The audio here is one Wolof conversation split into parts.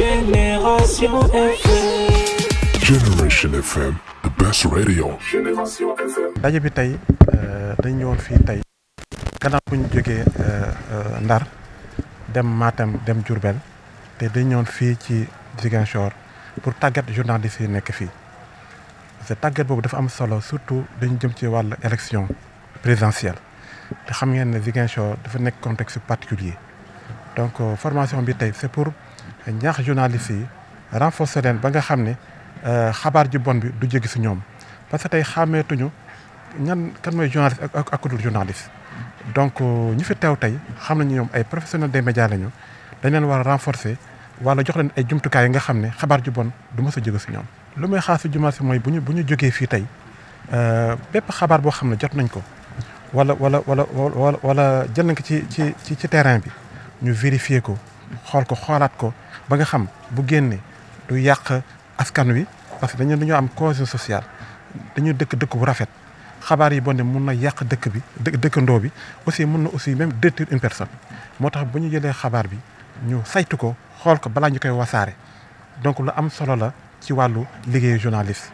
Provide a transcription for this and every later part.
Génération FM. Génération FM, the best radio. Génération FM. daje bi euh, euh, euh, dem Matam dem djourbel té pour journaliste dafa am surtout dañu ci élection présidentielle contexte particulier donc formation bi c'est pour. ñaax journaliste yi renforcer leen ba nga xam ne euh, xabaar ji bon bi du jéggi si ñoom parce que tey xàmmeetuñu ñan kan mooy journaliste ak ak dul journaliste. donc euh, ñu fi teew tey xam nañu ñoom ay professionnels des médias lañu dañ leen war wala jox leen ay jumtukaay yi nga xam ne xabaar ji bon du mës a jéggi si ñoom. lu may xaar si jumaa mooy bu ñu bu ñu jógee fii tey euh, bépp xabaar boo xam ne jot nañ ko wala wala wala wala wala jël nga ko ci ci ci terrain bi ñu vérifier ko. xool ko xoolaat ko ba nga xam bu génnee lu yàq askan wi parce que dañu dañoo am cohésion sociale dañu dëkk dëkk bu rafet xabaar yi bon ne mun na yàq dëkk bi dëkk dëkkandoo bi aussi mun na aussi même détruire une personne moo tax bu ñu jëlee xabaar bi ñu saytu ko xool ko balaa ñu koy wasaare donc lu am solo la ci wàllu liggéeyu journaliste.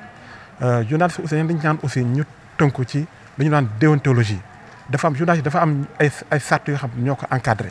Euh, journaliste aussi dañu naan aussi ñu tënku ci lu dañu naan déontologie dafa am journaliste dafa am ay ay sart yoo xam ñoo ko encadré.